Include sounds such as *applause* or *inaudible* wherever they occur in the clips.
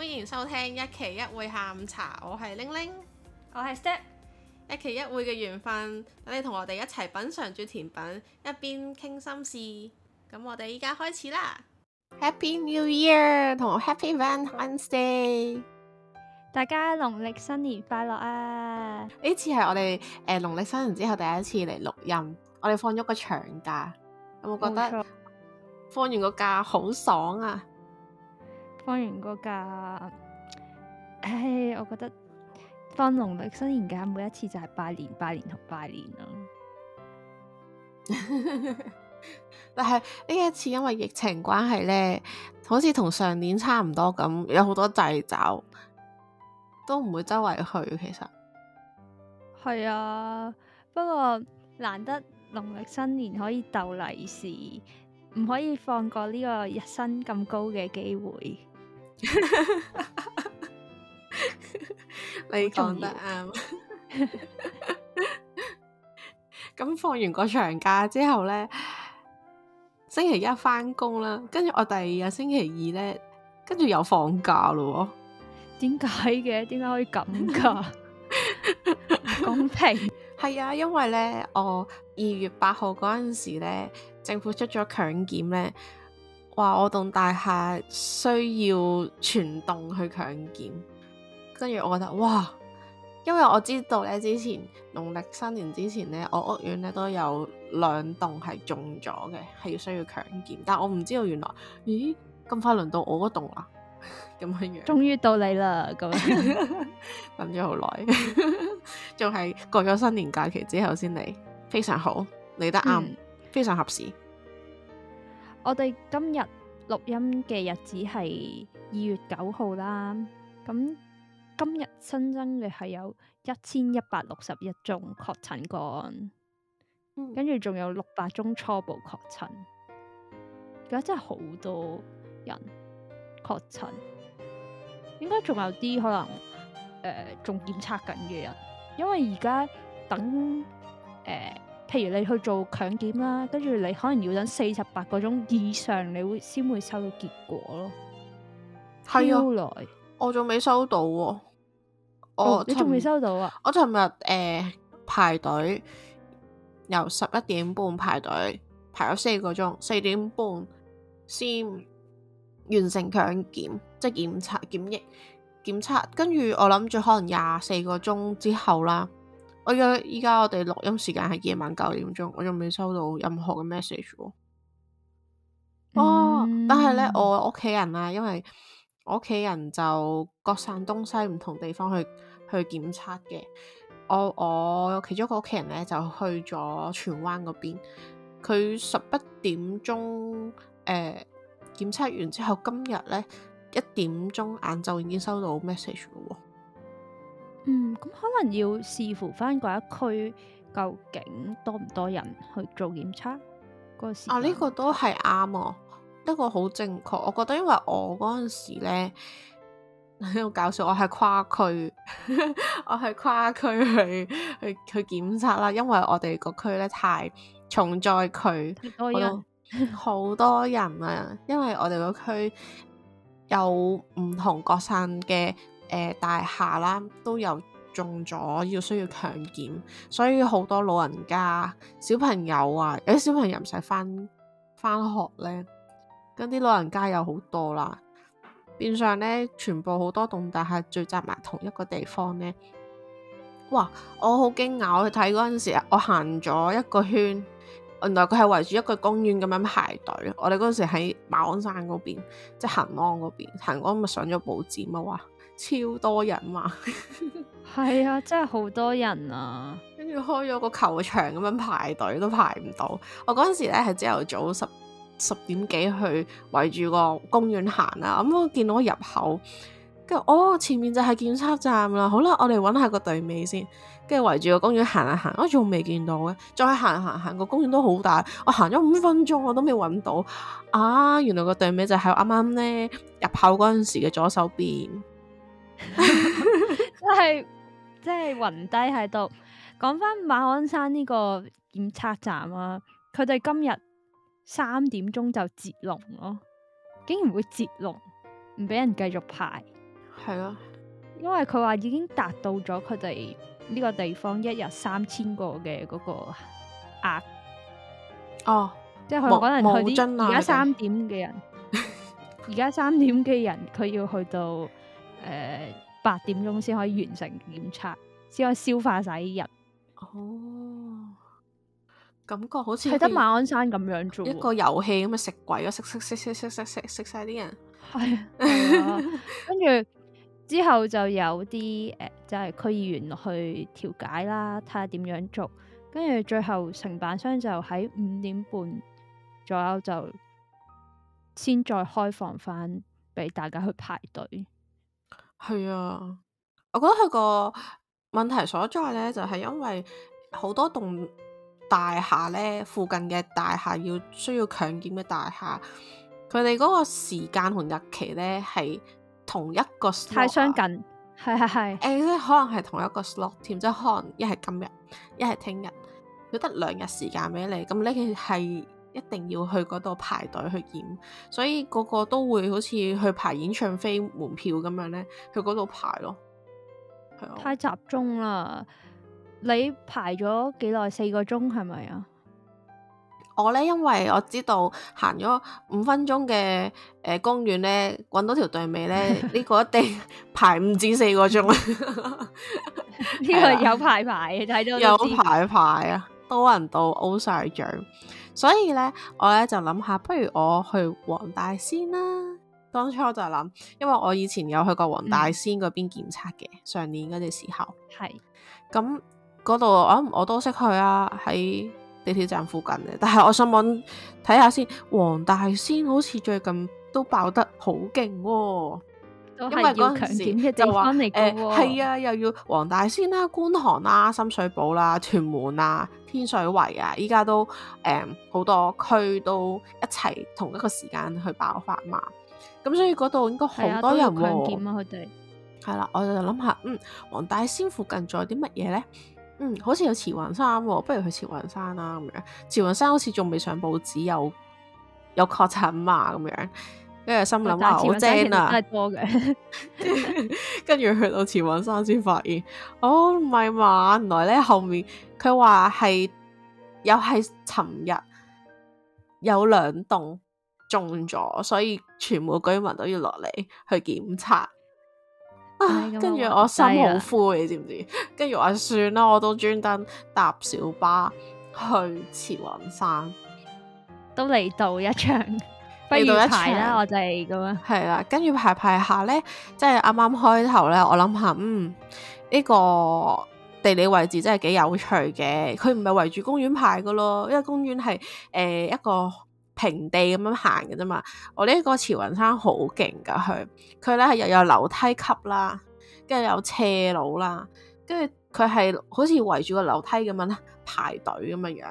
歡迎收聽一期一會下午茶，我係玲玲，我係是 Step，一期一會嘅緣分，等你同我哋一齊品嚐住甜品，一邊傾心事。咁我哋依家開始啦！Happy New Year，同 Happy Valentine's Day 大家農曆新年快樂啊！呢次係我哋誒、呃、農曆新年之後第一次嚟錄音，我哋放咗個長假，有冇錯覺得放完個假好爽啊？放完個假，唉、哎，我覺得放農曆新年假每一次就係拜年、拜年同拜年啦。 *laughs* *laughs* 但係呢一次因為疫情關係咧，好似同上年差唔多咁，有好多掣肘都唔會周圍去。其實係啊，不過難得農曆新年可以逗利是，唔可以放過呢個日薪咁高嘅機會。 *laughs* *laughs* 你講得啱。咁放完個長假之後咧，星期一翻工啦，跟住我第二日星期二咧，跟住又放假咯。點解嘅？點解可以咁噶？ *laughs* *laughs* 唔公平係 *laughs* 啊，因為咧，我二月八號嗰陣時咧，政府出咗強檢咧。話我棟大廈需要全棟去強檢，跟住我覺得哇，因為我知道咧，之前農曆新年之前咧，我屋苑咧都有兩棟係中咗嘅，係要需要強檢，但我唔知道原來，咦，咁快輪到我嗰棟啦，咁 *laughs* 樣，終於到你啦，咁樣 *laughs* 等咗好耐，仲 *laughs* 係過咗新年假期之後先嚟，非常好，嚟得啱，嗯、非常合時。我哋今日錄音嘅日子係二月九號啦，咁今日新增嘅係有一千一百六十一宗確診個案，跟住仲有六百宗初步確診，而家真係好多人確診，應該仲有啲可能誒仲、呃、檢測緊嘅人，因為而家等、呃譬如你去做強檢啦，跟住你可能要等四十八個鐘以上，你會先會收到結果咯。係啊，來我仲未收到喎、哦哦。你仲未收到啊？我尋日誒排隊，由十一點半排隊，排咗四個鐘，四點半先完成強檢，即係檢測、檢疫、檢測。跟住我諗住可能廿四個鐘之後啦。我而家我哋錄音時間係夜晚九點鐘，我仲未收到任何嘅 message 喎。哦，嗯，但係咧，我屋企人啊，因為我屋企人就各散東西，唔同地方去去檢測嘅。我我其中一個屋企人咧，就去咗荃灣嗰邊，佢十一點鐘誒檢測完之後，今日咧一點鐘晏晝已經收到 message 咯，哦。嗯，咁可能要視乎翻嗰一區究竟多唔多人去做檢測嗰、嗰個時啊，呢、呢個都係啱喎，不、呢個好正確。我覺得因為我嗰陣時咧喺度搞笑，我係跨區， *laughs* 我係跨區去去去檢測啦，因為我哋嗰區咧太重災區，好多人，好多人啊， *laughs* 因為我哋嗰區有唔同國產嘅。誒、呃、大廈啦，都有中咗要需要強檢，所以好多老人家、小朋友啊，有、欸、啲小朋友唔使返返學咧，跟啲老人家有好多啦，變相咧全部好多棟大廈聚集埋同一個地方咧。哇！我好驚訝，我去睇嗰陣時，我行咗一個圈，原來佢係圍住一個公園咁樣排隊。我哋嗰時喺馬鞍山嗰邊，即係恆安嗰邊，恆安咪上咗報紙乜話？超多人嘛， *laughs* 係啊，真係好多人啊。跟住開咗個球場咁樣排隊都排唔到。我嗰陣時咧係朝頭早十十點幾去圍住個公園行啊。咁、嗯、我見到我入口，跟住哦，前面就係檢測站啦。好啦，我哋搵下個隊尾先。跟住圍住個公園行啊行，我仲未見到嘅。再行行行，個公園都好大，我行咗五分鐘我都未搵到啊。原來個隊尾就喺啱啱咧入口嗰陣時嘅左手邊。即係即係暈低喺度。講翻馬鞍山呢個檢測站啊，佢哋今日三點鐘就截龍咯，竟然會截龍，唔俾人繼續排，係咯、啊。因為佢話已經達到咗佢哋呢個地方一日三千個嘅嗰個額哦，即係可能去啲而家三點嘅人，而家三點嘅人佢 *laughs* 要去到。誒、呃，八點鐘先可以完成檢測，先可以消化晒啲人。哦，感覺好似喺得馬鞍山咁樣做一個遊戲咁啊，食鬼咯，食食食食食食食食晒啲人。係、 *laughs* 哎，跟住之後就有啲誒、呃，就係、是、區議員去調解啦，睇下點樣做。跟住最後承辦商就喺五點半左右就先再開放翻俾大家去排隊。係啊，我覺得佢個問題所在咧，就係因為好多棟大廈咧，附近嘅大廈要需要強檢嘅大廈，佢哋嗰個時間同日期咧係同一個 slot，太相近，係係係，誒，即可能係同一個 slot 添，即係可能一係今日，一係聽日，佢得兩日時間俾你，咁呢件係。一定要去嗰度排隊去檢，所以個個都會好似去排演唱飛門票咁樣咧，去嗰度排咯。係啊，太集中啦！你排咗幾耐？四個鐘係咪啊？我咧，因為我知道行咗五分鐘嘅誒、呃、公園咧，揾到條隊尾咧，呢 *laughs* 個一定排唔止四個鐘呢 *laughs* *laughs* 個有排排嘅睇到有排排啊！多人到 O 曬嘴。所以咧，我咧就諗下，不如我去黃大仙啦。當初我就諗，因為我以前有去過黃大仙嗰邊檢測嘅，上、嗯、年嗰隻時候。係是。咁嗰度啊，我都識去啊，喺地鐵站附近嘅。但係我上網睇下先，黃大仙好似最近都爆得好勁喎。因為嗰陣時就話誒係啊，又要黃大仙啦、啊、觀塘啦、啊、深水埗啦、啊、屯門啦、啊、天水圍啊，依家都誒好、嗯、多區都一齊同一個時間去爆發嘛。咁所以嗰度應該好多人喎。係啊，都強檢啊，佢哋係啦。我就諗下，嗯，黃大仙附近仲有啲乜嘢咧？嗯，好似有慈雲山、啊，不如去慈雲山啦、啊、咁樣。慈雲山好似仲未上報紙，有有確診嘛咁樣。跟住心諗好正啊，跟住 *laughs* 去到慈雲山先發現，哦，唔係嘛，原來咧，後面佢話係又係尋日有兩棟中咗，所以全部居民都要落嚟去檢查。啊，跟住的我心好灰，你知唔知？跟住話算啦，我都專登搭小巴去慈雲山，都嚟到一場。 *laughs* 到一排啦，我哋咁樣係啦，跟住排排下咧，即係啱啱開頭咧，我諗下，嗯，呢、這個地理位置真係幾有趣嘅。佢唔係圍住公園排噶咯，因為公園係誒、呃、一個平地咁樣行嘅啫嘛。我、哦、呢、這個慈雲山好勁噶，佢佢咧係又有樓梯級啦，跟住有斜路啦，跟住佢係好似圍住個樓梯咁樣排隊咁樣樣。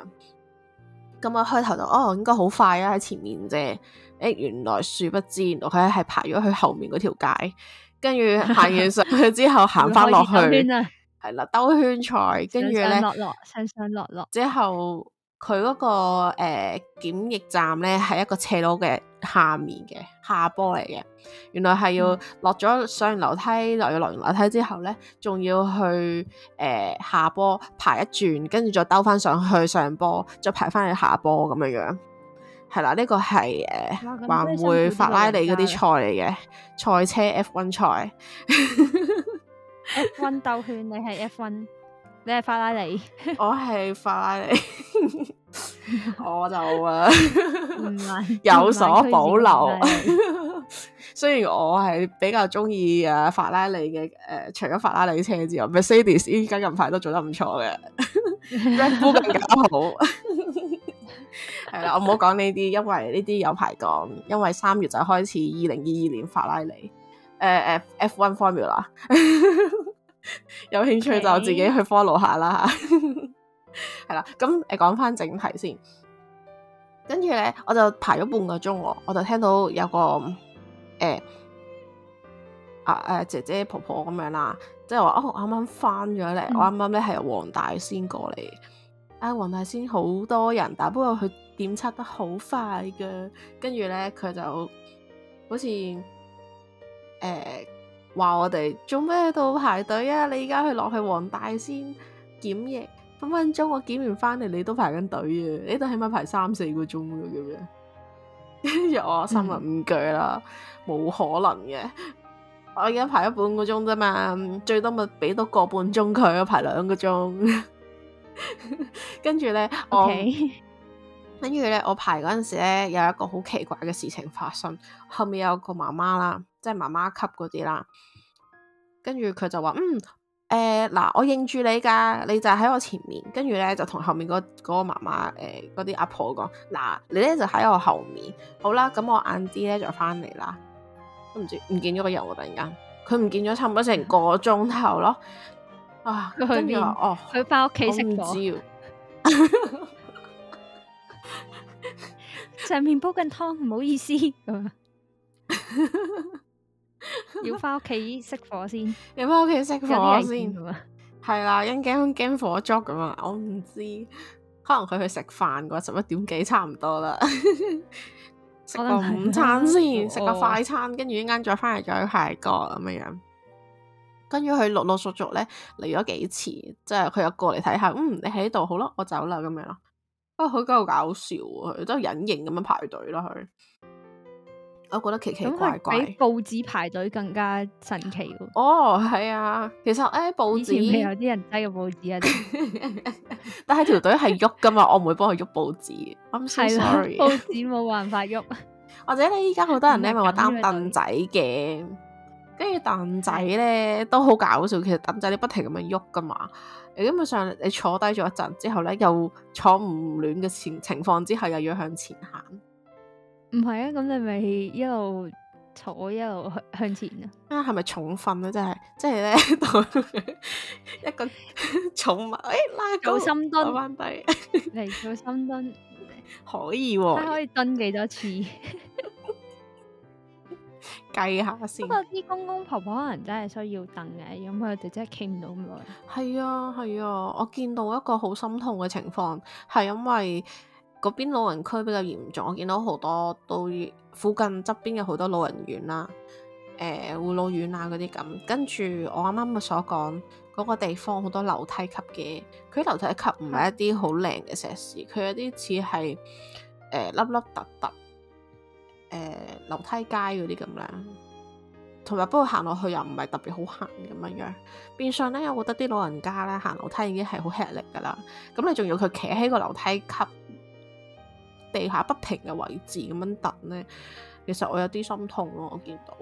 咁啊開頭就哦，應該好快啊，喺前面啫。誒，原來殊不知，原來佢係爬咗去後面嗰條街，跟住行完上去之後，行翻落去，係啦， *laughs* 兜圈賽，跟住咧落落上上落落。之後佢嗰個誒檢疫站咧，係一個斜路嘅下面嘅下坡嚟嘅。原來係要落咗上完樓梯，落咗落完樓梯之後咧，仲要去誒下坡爬一轉，跟住再兜翻上去上坡，再爬翻去下坡咁樣樣。係啦，呢、這個係誒，還會法拉利嗰啲賽嚟嘅賽車 F1 賽，F1 兜圈，你係 F1，你係法拉利， *laughs* 我係法拉利， *laughs* 我就啊， *laughs* 是 *laughs* 有所保留。 *laughs* 雖然我係比較中意誒法拉利嘅誒、呃，除咗法拉利車之外，Mercedes 依家近排都做得唔錯嘅更加好。 *laughs* 係啦， *laughs* 我唔好講呢啲，因為呢啲有排講。因為三月就開始二零二二年法拉利，誒、呃、誒 F1 Formula *laughs* 有興趣就自己去 follow 下啦吓。係 *laughs* 啦，咁誒講翻正題先，跟住咧，我就排咗半個鐘、哦，我就聽到有個誒阿誒姐姐婆婆咁樣啦，即係話哦，啱啱翻咗嚟。嗯、我啱啱咧係由黃大仙過嚟，啊、哎、黃大仙好多人，但不過佢。檢測得好快㗎，跟住咧，佢就好似誒話，我哋做咩度排隊啊？你而家去落去黃大仙檢疫， *noise* 分分鐘我檢完翻嚟，你都排緊隊啊！你度起碼排三四個鐘啊，咁 *laughs* 樣、嗯。我心諗唔懼啦，冇可能嘅。我而家排咗半個鐘啫嘛，最多咪俾多個半鐘佢，排兩個鐘。跟住咧，我。 *laughs* 呢 Okay. 跟住咧，我排嗰陣時咧，有一個好奇怪嘅事情發生。後面有個媽媽啦，即係媽媽級嗰啲啦。跟住佢就話：嗯，誒、欸，嗱，我認住你㗎，你就喺我前面。跟住咧，就同後面嗰嗰個媽媽，誒、欸，嗰啲阿婆講：嗱，你咧就喺我後面。好啦，咁我晏啲咧就翻嚟啦。都唔知唔見咗個人，我突然間佢唔見咗，見差唔多成個鐘頭咯。啊！佢去邊哦，佢翻屋企食咗。唔知喎。 *laughs* 上面煲緊湯，唔好意思 *laughs* *laughs* 要返屋企熄火先， *laughs* 要返屋企熄火先，係啦，驚驚、 *laughs* 啊、火燭咁啊！我唔知，可能佢去食飯啩，十一點幾差唔多啦，食 *laughs* 個午餐先，食個快餐，跟住一陣間再返嚟再去排過咁樣，跟住佢陸陸續續咧嚟咗幾次，即係佢又過嚟睇下，嗯，你喺度好咯，我走啦咁樣咯。啊，佢搞到搞笑啊！都隱形咁樣排隊囉，佢。我覺得奇奇怪怪,怪，比報紙排隊更加神奇。哦，係啊，其實誒、欸，報紙有啲人低個報紙啊， *laughs* 但係條隊係喐噶嘛， *laughs* 我唔會幫佢喐報紙。I'm so sorry. 報紙冇辦法喐。或者咧依家好多人咧，咪話擔凳仔嘅。跟住蛋仔咧都好搞笑，其實蛋仔你不停咁樣喐噶嘛，你基本上你坐低咗一陣之後咧又坐唔暖嘅情情況之後又要向前行，唔係啊？咁你咪一路坐一路向前啊？啊係咪重訓咧？真係即係咧 *laughs* 一個寵物誒、哎、拉個深蹲，嚟做拉低 *laughs* 深蹲可以喎、啊，可以蹲幾多次？ *laughs* 計下先。不過啲公公婆，婆婆可能真係需要凳嘅，咁佢哋真係傾唔到咁耐。係啊係啊，我見到一個好心痛嘅情況，係因為嗰邊老人區比較嚴重，我見到好多都附近側邊有好多老人院啦，誒、呃、護老院啊嗰啲咁。跟住我啱啱咪所講嗰、那個地方好多樓梯級嘅，佢樓梯級唔係一啲好靚嘅石屎，佢有啲似係誒粒粒突突。呃凹凹凸凸誒，呃、樓梯街嗰啲咁咧，同埋不過行落去又唔係特別好行咁樣樣。變相咧，我覺得啲老人家咧行樓梯已經係好吃力噶啦。咁你仲要佢企喺個樓梯級地下不平嘅位置咁樣等咧，其實我有啲心痛咯、啊。我見到，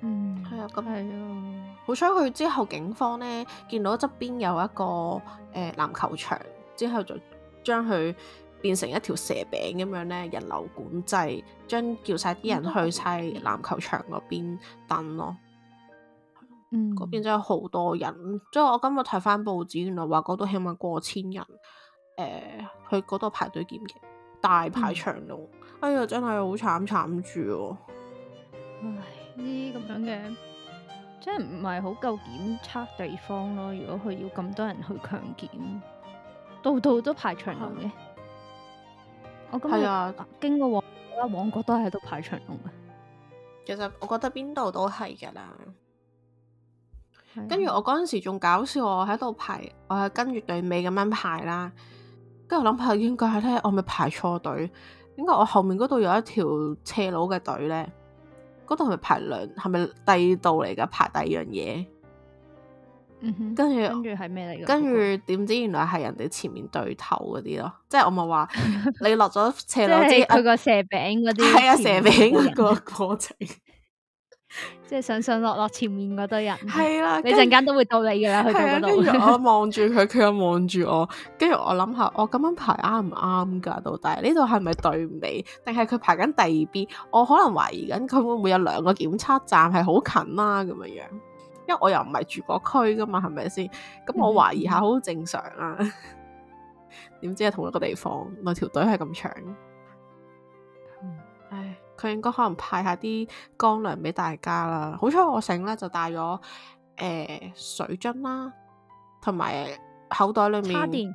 嗯，係啊，咁係啊。好彩佢之後警方咧見到側邊有一個誒、呃、籃球場，之後就將佢。變成一條蛇餅咁樣咧，人流管制，將叫晒啲人去晒籃球場嗰邊等咯。嗯，嗰邊真係好多人，即係我今日睇翻報紙，原來話嗰度起碼過千人。誒、呃，去嗰度排隊檢疫，大排長龍。嗯、哎呀，真係好慘慘住哦、啊！唉，呢啲咁樣嘅，真係唔係好夠檢測地方咯。如果佢要咁多人去強檢，度度都排長龍嘅。我今日係啊，經過旺角啦，旺角都係喺度排長龍嘅。其實我覺得邊度都係噶啦。 *music* 跟住我嗰陣時仲搞笑，我喺度排，我係跟住隊尾咁樣排啦。跟住我諗下，應該係咧，我咪排錯隊。應該我後面嗰度有一條斜路嘅隊咧。嗰度係咪排兩？係咪第二度嚟噶？排第二樣嘢？跟住，跟住係咩嚟嘅？跟住點知，原來係人哋前面對頭嗰啲咯，即係我咪話你落咗斜路，即佢個蛇餅嗰啲，係啊，蛇餅個過程，即係上上落落前面嗰堆人，係啦，你陣間都會到你噶啦，去到嗰度。我望住佢，佢又望住我，跟住我諗下，我咁樣排啱唔啱噶？到底呢度係咪對尾，定係佢排緊第二邊？我可能懷疑緊佢會唔會有兩個檢測站係好近啦咁樣樣。因為我又唔係住個區噶嘛，係咪先？咁我懷疑下，好、嗯、正常啊。點 *laughs* 知係同一個地方，我條隊係咁長、嗯。唉，佢應該可能派一下啲光糧俾大家啦。好彩我醒、欸、啦，就帶咗誒水樽啦，同埋口袋裏面。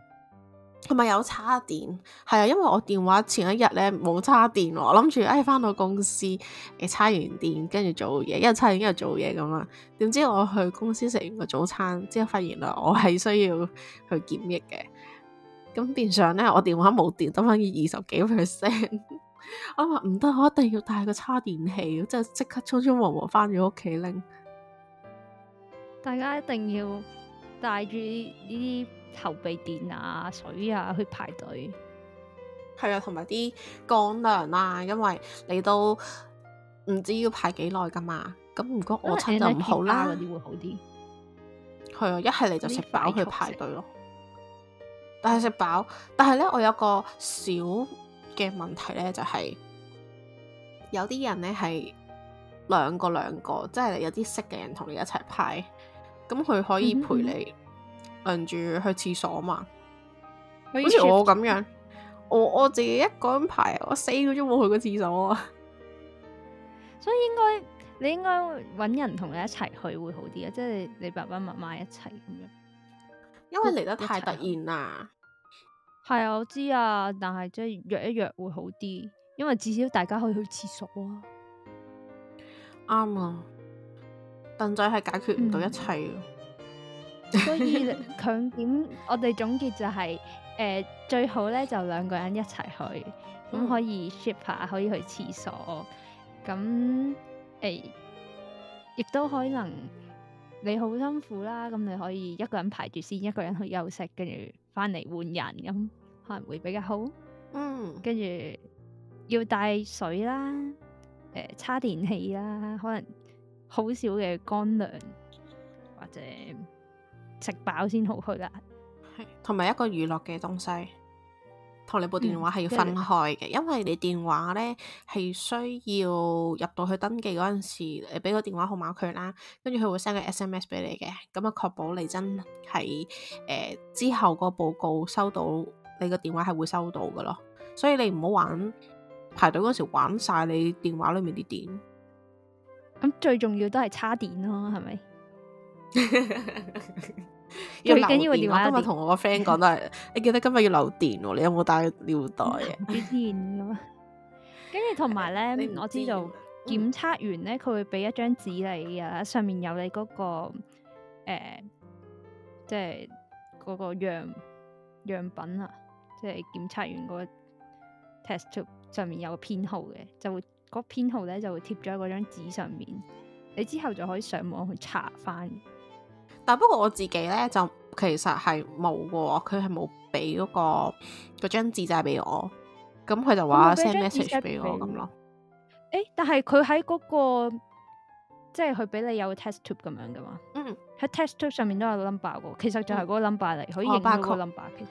係咪有叉電？係啊，因為我電話前一日咧冇叉電，我諗住誒翻到公司誒、哎、叉完電，跟住做嘢，一日叉完一日做嘢咁啦。點知我去公司食完個早餐之後，發現原來我係需要去檢疫嘅。咁變相咧，我電話冇電，得翻二十幾 percent。 *laughs* 我話唔得，我一定要帶個叉電器，即係即刻匆匆忙忙翻咗屋企拎。大家一定要。帶住呢啲投幣墊啊、水啊去排隊，係啊，同埋啲乾糧啊，因為你都唔知要排幾耐噶嘛。咁如果我親就唔好啦，嗰啲會好啲。係啊，一係你就食飽去排隊咯。但係食飽，但係咧，我有個小嘅問題咧，就係有啲人咧係兩個兩個，即係有啲識嘅人同你一齊排。咁佢可以陪你行住、嗯、去廁所嘛？ *noise* 好似我咁樣， *noise* 我我自己一個人排，我四個鐘冇去過廁所啊。所以應該你應該揾人同你一齊去會好啲啊，即係你爸爸媽媽一齊咁樣，因為嚟得太突然啦。係啊，我知啊，但係即係約一約會好啲，因為至少大家可以去廁所啊。啱啊。凳仔係解決唔到一切、嗯、所以 *laughs* 強點我哋總結就係、是，誒、呃、最好咧就兩個人一齊去，咁、嗯嗯、可以 share 可以去廁所，咁誒、欸、亦都可能你好辛苦啦，咁你可以一個人排住先，一個人去休息，跟住翻嚟換人，咁可能會比較好。嗯，跟住要帶水啦，誒、呃、叉電器啦，可能。好少嘅乾糧或者食飽先好去啦，同埋一個娛樂嘅東西，同你部電話係要分開嘅，嗯、因為你電話呢係需要入到去登記嗰陣時，你俾個電話號碼佢啦，跟住佢會 send 個 SMS 俾你嘅，咁啊確保你真係、呃、之後個報告收到，你個電話係會收到噶咯，所以你唔好玩排隊嗰時玩晒你電話裏面啲電。咁最重要都係叉電咯，係咪？ *laughs* 最緊要電話， *music* 我今日同我個 friend 講都係， *music* 你記得今日要留電，你有冇帶尿袋啊？電咯、嗯，跟住同埋咧， *laughs* 呢 *music* 知我知道檢測員咧，佢、嗯、會俾一張紙你噶，上面有你嗰、嗰個誒、呃，即係嗰個樣樣品啊，即係檢測員嗰 test tube 上面有個編號嘅，就會。個編號咧就會貼咗喺嗰張紙上面，你之後就可以上網去查翻。但不過我自己咧就其實係冇嘅，佢係冇俾嗰個嗰張紙仔俾我，咁佢就話 send message 俾我咁咯。誒、欸，但係佢喺嗰個，即係佢俾你有個 test tube 咁樣嘅嘛？嗯，喺 test tube 上面都有個 number 嘅，其實就係嗰個 number 嚟，可以影到佢 number。其實，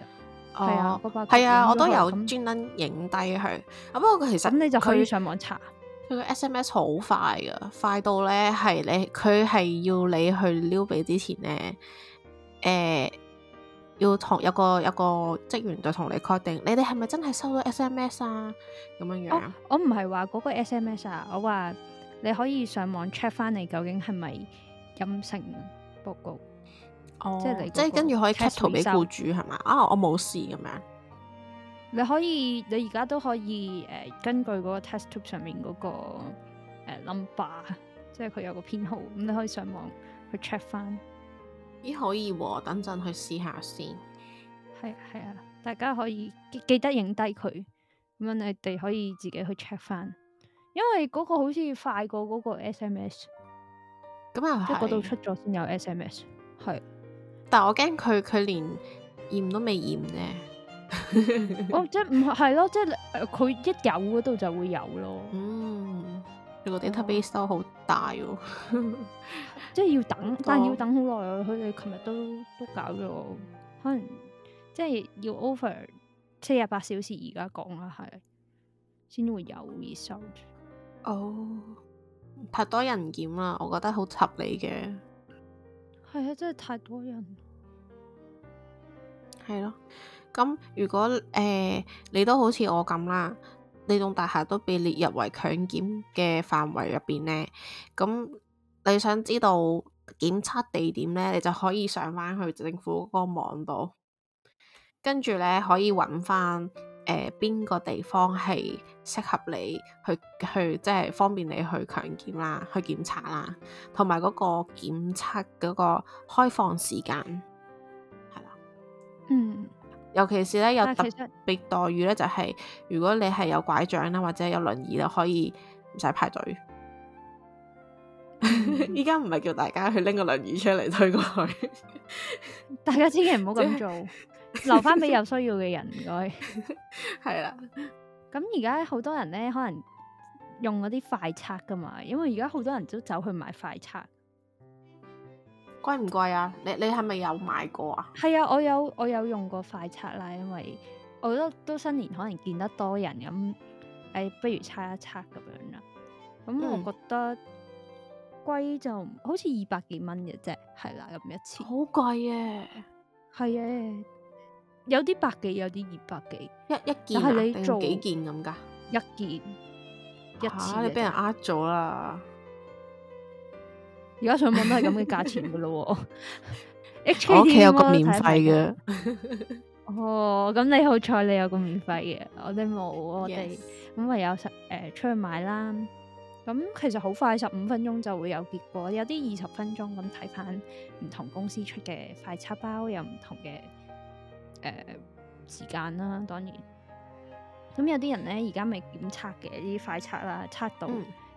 哦，係啊，我都有專登影低佢。啊、哦，不過其實咁你就可以上網查。佢個 SMS 好快㗎，快到咧係你佢係要你去撩俾之前咧，誒、呃、要同有個有個職員再同你確定，你哋係咪真係收到 SMS 啊？咁樣樣，哦、我唔係話嗰個 SMS 啊，我話你可以上網 check 翻你究竟係咪陰性報告，即係即係跟住可以 cap 圖俾僱主係嘛？啊試、哦，我冇事咁樣。你可以，你而家都可以，誒、呃，根據嗰個 test tube 上面嗰、那個誒 number，、呃、即係佢有個編號，咁你可以上網去 check 翻。咦，可以喎，等陣去試下先。係係啊，啊，大家可以記記得影低佢，咁樣你哋可以自己去 check 翻，因為嗰個好似快過嗰個 SMS。咁又係，即係嗰度出咗先有 SMS，啊。係，但我驚佢佢連驗都未驗咧。 *laughs* 哦，即係唔係咯，即係佢一有嗰度就會有咯。嗯，你個 data base 收好、哦、大喎、啊， *laughs* 即係要等，多但要等好耐啊。佢哋琴日都都搞咗，可能即係要 over 四十八小時，而家講啦，係先會有 result。哦，太多人檢啦，我覺得好合理嘅。係啊，真係太多人。係咯，咁、嗯、如果誒、呃、你都好似我咁啦，呢棟大廈都被列入為強檢嘅範圍入邊呢，咁、嗯、你想知道檢測地點呢，你就可以上翻去政府嗰個網度，跟住呢可以揾翻誒邊個地方係適合你去去，即係方便你去強檢啦，去檢查啦，同埋嗰個檢測嗰個開放時間。嗯，尤其是咧有特別待遇咧、就是，就係、啊、如果你係有拐杖啦或者有輪椅啦，可以唔使排隊。依家唔係叫大家去拎個輪椅出嚟推過去 *laughs* ，大家千祈唔好咁做， *laughs* 留翻俾有需要嘅人。唔該係啦，咁而家好多人咧可能用嗰啲快測噶嘛，因為而家好多人都走去買快測。貴唔貴啊？你你係咪有買過啊？係啊，我有我有用過快測啦，因為我覺得都新年可能見得多人，咁、嗯、誒、哎、不如測一測咁樣啦。咁、嗯嗯、我覺得貴就好似二百幾蚊嘅啫，係啦、啊，咁一次好貴啊。係啊，有啲百幾，有啲二百幾，一件、啊、一件你做幾件咁噶？一件，一次、啊、你俾人呃咗啦。而家上網都係咁嘅價錢噶咯喎，屋企有個免費嘅，哦，咁你好彩你有個免費嘅，我哋冇，Yes. 我哋咁咪有十誒、呃、出去買啦。咁其實好快十五分鐘就會有結果，有啲二十分鐘，咁睇翻唔同公司出嘅快測包，有唔同嘅誒、呃、時間啦。當然，咁有啲人咧而家咪檢測嘅啲快測啦，測到，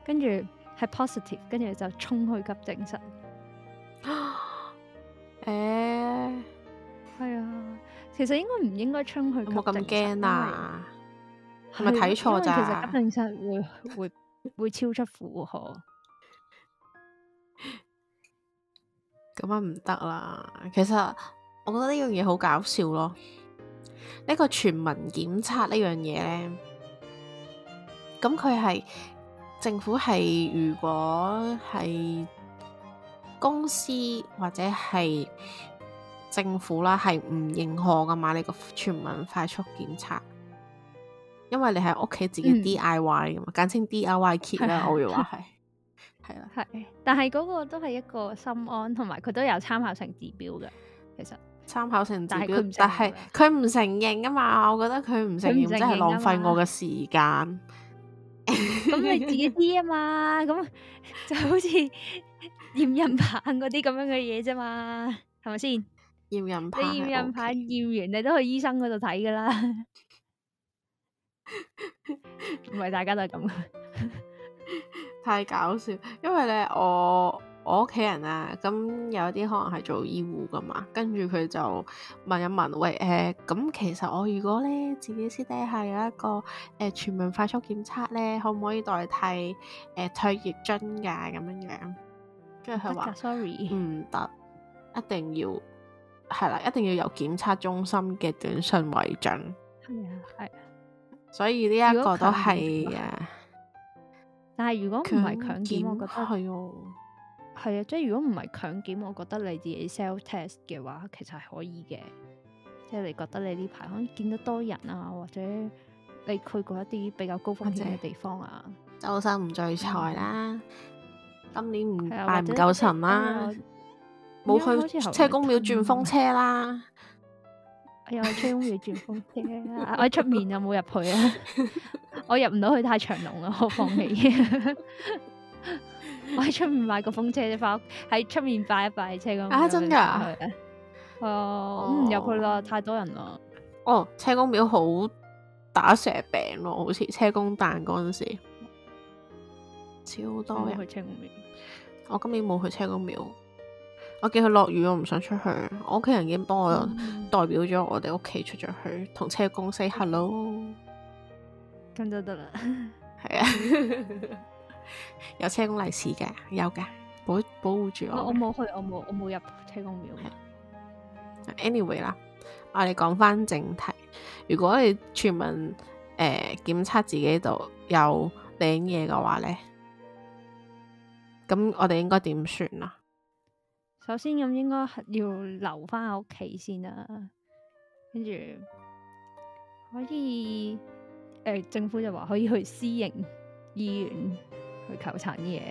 跟住。嗯係 positive，跟住就衝去急症室。誒，係啊，其實應該唔應該衝去？我冇咁驚啊，係咪睇錯咋？因為其實急症室會會會超出負荷，咁啊唔得啦。其實我覺得呢樣嘢好搞笑咯。呢個全民檢測呢樣嘢咧，咁佢係。政府係如果係公司或者係政府啦，係唔認可噶嘛？你個全民快速檢測，因為你喺屋企自己 D I Y 噶嘛，嗯、簡稱 D I Y kit 啦。 *laughs* 我會話係，係啊，係。但係嗰個都係一個心安，同埋佢都有參考性指標嘅。其實參考性指標，但係佢唔承認啊嘛。我覺得佢唔承認真係浪費我嘅時間。咁你 *laughs* 自己知啊嘛，咁就好似驗孕棒嗰啲咁樣嘅嘢啫嘛，係咪先？驗孕棒？你驗孕棒驗完，你都去醫生嗰度睇噶啦，唔係 *laughs* 大家都係咁， *laughs* 太搞笑。因為咧，我。我屋企人啊，咁、嗯、有啲可能係做醫護噶嘛，跟住佢就問一問喂，誒、呃、咁、嗯、其實我如果咧自己私底下有一個誒、呃、全民快速檢測咧，可唔可以代替誒唾、呃、液樽噶咁樣樣？跟住佢話：sorry，唔得，一定要係啦，一定要由檢測中心嘅短信為準。係啊，係。所以呢一個都係啊，但係如果唔係強檢，強檢？我覺得。係啊，即係如果唔係強檢，我覺得你自己 self test 嘅話，其實係可以嘅。即係你覺得你呢排可能見得多人啊，或者你去過一啲比較高風險嘅地方啊，周身唔聚財啦，嗯、今年唔拜唔夠神啦、啊，冇去車公廟轉風車啦，啊、又去車公廟轉風車啦，我喺出面又冇入去啊， *laughs* 我入唔到去太長龍啊，我放棄。 *laughs* 我喺出面買個風車啫，翻屋喺出面拜一拜車公。啊，真噶？哦、uh, 嗯，唔入去啦，太多人啦。哦，oh, 車公廟好打蛇餅咯，好似車公誕嗰陣時，超多人去車公廟。我今年冇去車公廟，我見佢落雨，我唔想出去。我屋企人已經幫我代表咗我哋屋企出咗去同車公 say hello，咁就得啦。係啊。 *laughs* *laughs* 有車公利是嘅，有嘅保保護住我，啊。我冇去，我冇，我冇入車公廟嘅。 *laughs* anyway 啦，我哋講翻正題。如果你全民誒檢測自己度有領嘢嘅話咧，咁我哋應該點算啊？首先咁應該要留翻喺屋企先啦，跟住可以誒、呃、政府就話可以去私營醫院。去求診嘅嘢，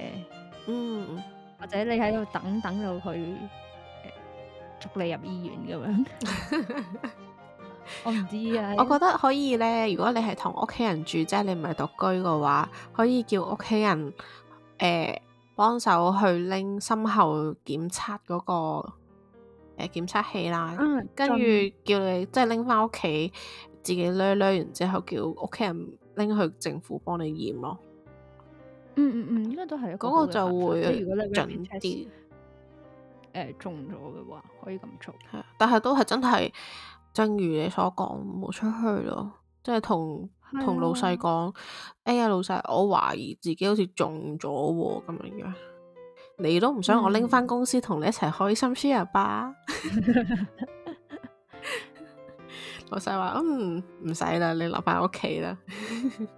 嗯，或者你喺度等，等到佢捉你入醫院咁樣， *laughs* *laughs* 我唔知啊。我覺得可以咧，如果你係同屋企人住，即係你唔係獨居嘅話，可以叫屋企人誒幫手去拎深喉檢測嗰個誒檢測器啦，嗯，跟住叫你即係拎翻屋企自己孭孭，完之後叫屋企人拎去政府幫你驗咯。嗯嗯嗯，應該都係一個，個就會，即如果你準啲，誒、呃、中咗嘅話，可以咁做。係，但係都係真係，正如你所講，冇出去咯，即係同同老細講，哎呀的、欸、老細，我懷疑自己好似中咗喎咁樣，你都唔想我拎翻公司同你一齊開心 share 吧？ *laughs* *laughs* 老細話：嗯，唔使啦，你留喺屋企啦。 *laughs*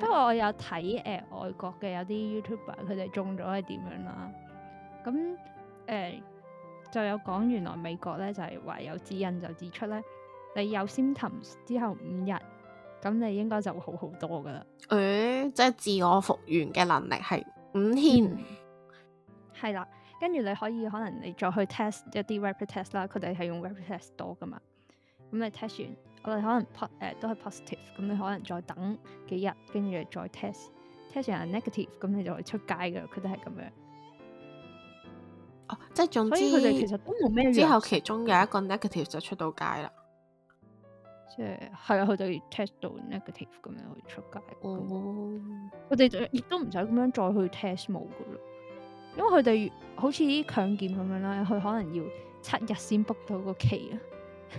不過我有睇誒、呃、外國嘅有啲 YouTuber 佢哋中咗係點樣啦？咁誒、呃、就有講原來美國咧就係、是、話有指引就指出咧，你有 symptoms 之後五日，咁你應該就會好好多噶啦。誒，即係自我復原嘅能力係五天。係啦、嗯，跟住你可以可能你再去 test 一啲 rapid test 啦，佢哋係用 rapid test 多噶嘛，咁你 test 完。我哋可能誒、呃、都係 positive，咁、嗯、你可能再等幾日，跟住再 test，test 完係 negative，咁、嗯、你就可以出街噶啦，佢哋係咁樣。哦，即係總之。佢哋其實都冇咩。之後其中有一個 negative 就出到街啦。即係係啊，佢哋 test 到 negative 咁樣去出街。哦哦哦哦。我哋亦都唔使咁樣再去 test 冇噶啦，因為佢哋好似啲強檢咁樣啦，佢可能要七日先 book 到個期啊。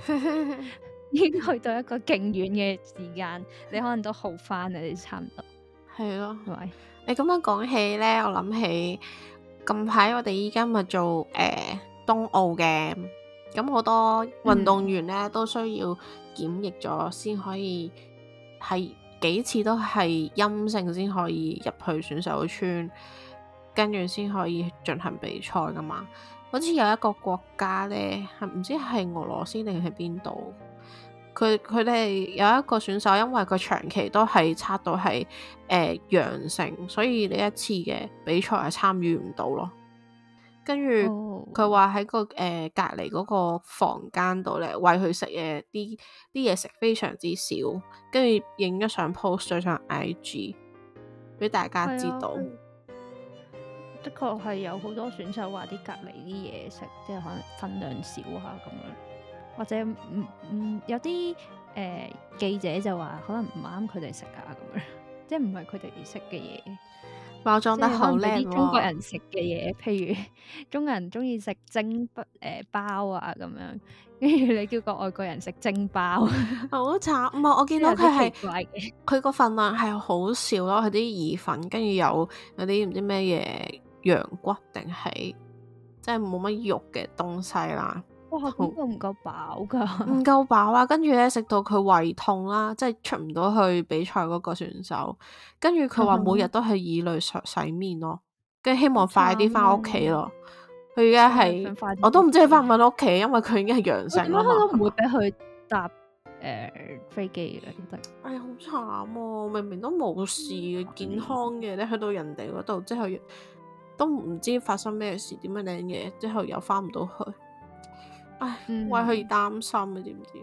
*laughs* *laughs* 已經去到一個勁遠嘅時間，你可能都好翻你啲差唔多係咯，係咪？你咁的樣講起咧，我諗起近排我哋依家咪做誒冬奧嘅咁好多運動員咧，嗯、都需要檢疫咗先可以係幾次都係陰性先可以入去選手村，跟住先可以進行比賽噶嘛。好似有一個國家咧，係唔知係俄羅斯定係邊度？佢佢哋有一個選手，因為佢長期都係測到係誒陽性，所以呢一次嘅比賽係參與唔到咯。跟住佢話喺個誒、呃、隔離嗰個房間度咧，餵佢食嘢，啲啲嘢食非常之少，跟住影咗相 post 上 IG 俾大家知道。啊、的確係有好多選手話啲隔離啲嘢食即係可能分量少吓咁樣。或者嗯嗯有啲誒、呃、記者就話可能唔啱佢哋食啊咁樣，即係唔係佢哋食嘅嘢，包裝、嗯、得好靚、哦、中國人食嘅嘢，譬如中國人中意食蒸不、呃、包啊咁樣，跟住你叫個外國人食蒸包，好 *laughs* 慘。 *laughs* 唔，我見到佢係佢個份量係好少咯，佢啲意粉跟住有啲唔知咩嘢羊骨定係即係冇乜肉嘅東西啦。哇！好唔夠飽噶，唔 *laughs* 夠飽啊！跟住咧食到佢胃痛啦、啊，即係出唔到去比賽嗰個選手。跟住佢話每日都係以淚洗面咯，跟住希望快啲翻屋企咯。佢而家係我都唔知佢翻唔翻到屋企，因為佢已經係陽性都唔會俾佢搭誒、呃、飛機嘅，其實、 *laughs* 哎。哎呀，好慘啊！明明都冇事、嗯、健康嘅，你、嗯、去到人哋嗰度之後，都唔知發生咩事，點樣嘅嘢，之後又翻唔到去。唉，為佢而擔心，你知唔知？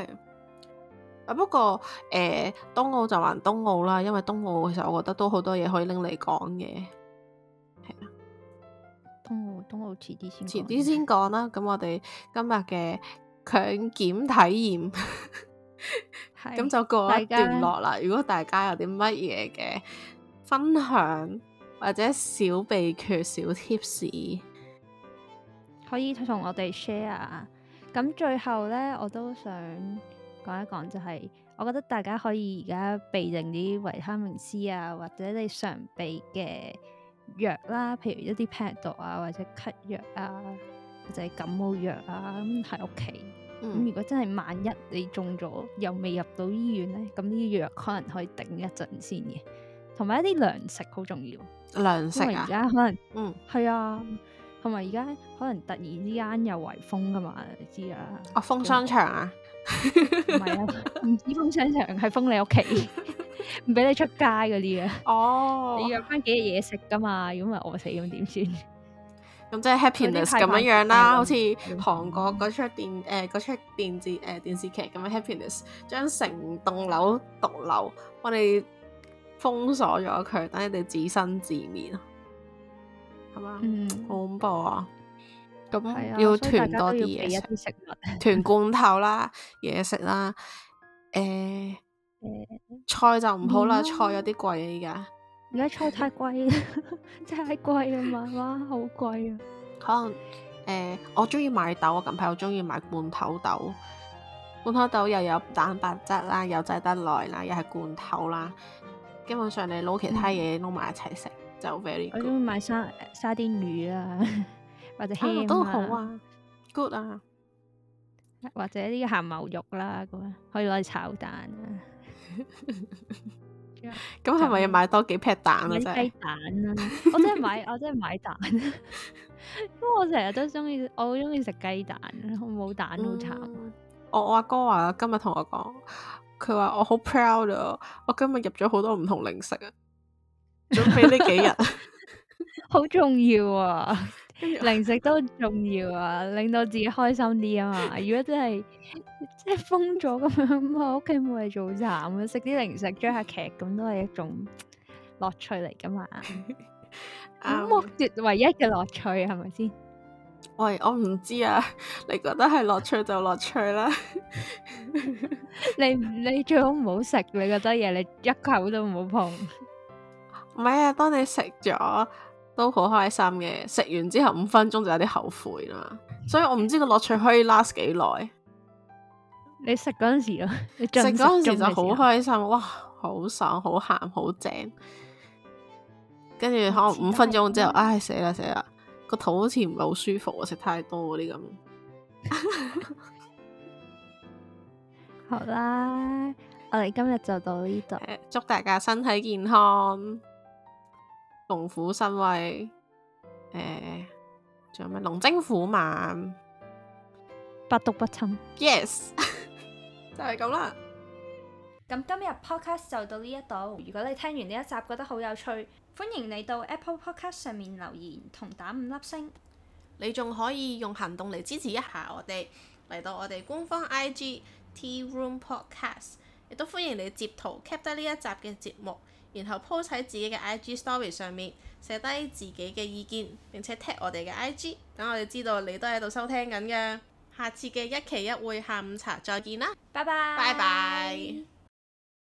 係啊，啊不過誒，冬奧就還冬奧啦，因為冬奧其實我覺得都好多嘢可以拎嚟講嘅，係啊。冬奧，冬奧，遲啲先，遲啲先講啦。咁我哋今日嘅強檢體驗，咁就過一段落啦。如果大家有啲乜嘢嘅分享或者小秘訣、小貼士。可以同我哋 share。啊。咁最後咧，我都想講一講，就是，就係我覺得大家可以而家備定啲維他命 C 啊，或者你常備嘅藥啦，啊，譬如一啲 Panadol 啊，或者咳藥啊，或者感冒藥啊，咁喺屋企。咁、嗯、如果真係萬一你中咗又未入到醫院咧，咁呢啲藥可能可以頂一陣先嘅。同埋一啲糧食好重要，糧食啊，可能，嗯，係啊。同埋而家可能突然之間有圍封噶嘛，你知啊？哦，封商場啊？唔 *laughs* 係啊，唔止封商場，係封你屋企，唔俾 *laughs* *laughs* 你出街嗰啲啊！哦， *laughs* 你約翻幾日嘢食噶嘛？如果唔係餓死咁點算？咁、嗯、即係 happiness 咁樣樣啦，好似韓國嗰、嗯呃、出電誒出、呃、電視誒、呃、電視劇咁樣 happiness，將成棟樓獨樓，我哋封鎖咗佢，等你哋自生自滅。嗯，好恐怖啊！咁、啊、要囤多啲嘢食，囤罐頭啦，嘢食啦，誒、欸、誒，嗯、菜就唔好啦，嗯、菜有啲貴啊依家，而家菜太貴，真係貴啊嘛，哇，好貴啊！可能誒、欸，我中意買豆，近我近排我中意買罐頭豆，罐頭豆又有蛋白質啦，又制得耐啦，又係罐頭啦，基本上你撈其他嘢撈埋一齊食。嗯就我都會買沙沙甸魚啊，或者蝦都、啊啊、好啊，good 啊，或者呢啲咸牛肉啦咁啊，可以攞嚟炒蛋啊。咁係咪要買多幾劈蛋啊？雞蛋啊！ *laughs* 我真係買，我真係買蛋。因為我成日都中意，我好中意食雞蛋，我冇蛋好慘、嗯。我我阿哥話今日同我講，佢話我好 proud 咯，我今日入咗好多唔同零食啊。準備呢幾日， *laughs* 好重要啊！ *laughs* 零食都重要啊，令到自己開心啲啊嘛。如果真係即係封咗咁樣我屋企冇嘢做，慘啊！食啲零食追下劇，咁都係一種樂趣嚟噶嘛。咁我、um, 剝奪唯一嘅樂趣係咪先？是是喂，我唔知啊，你覺得係樂趣就樂趣啦。 *laughs* *laughs* 你你最好唔好食，你覺得嘢，你一口都唔好碰。唔係啊，當你食咗都好開心嘅，食完之後五分鐘就有啲後悔啦，所以我唔知個樂趣可以 last 幾耐你。你食嗰陣時啊，食嗰陣時就好開心，哇，好爽，好鹹，好正。跟住可能五分鐘之後，唉、哎，死啦死啦，個肚好似唔係好舒服啊，食太多嗰啲咁。 *laughs* 好啦，我哋今日就到呢度，祝大家身體健康。龍虎神威，誒、呃，仲有咩？龍精虎猛，百毒不侵。Yes， *laughs* 就係咁啦。咁今日 podcast 就到呢一度。如果你聽完呢一集覺得好有趣，歡迎你到 Apple Podcast 上面留言同打五粒星。你仲可以用行動嚟支持一下我哋，嚟到我哋官方 IG Tea Room Podcast，亦都歡迎你截圖 keep 得呢一集嘅節目。然後 po 喺自己嘅 IG story 上面，寫低自己嘅意見，並且 tag 我哋嘅 IG，等我哋知道你都喺度收聽緊嘅。下次嘅一期一會下午茶再見啦，拜拜。拜拜。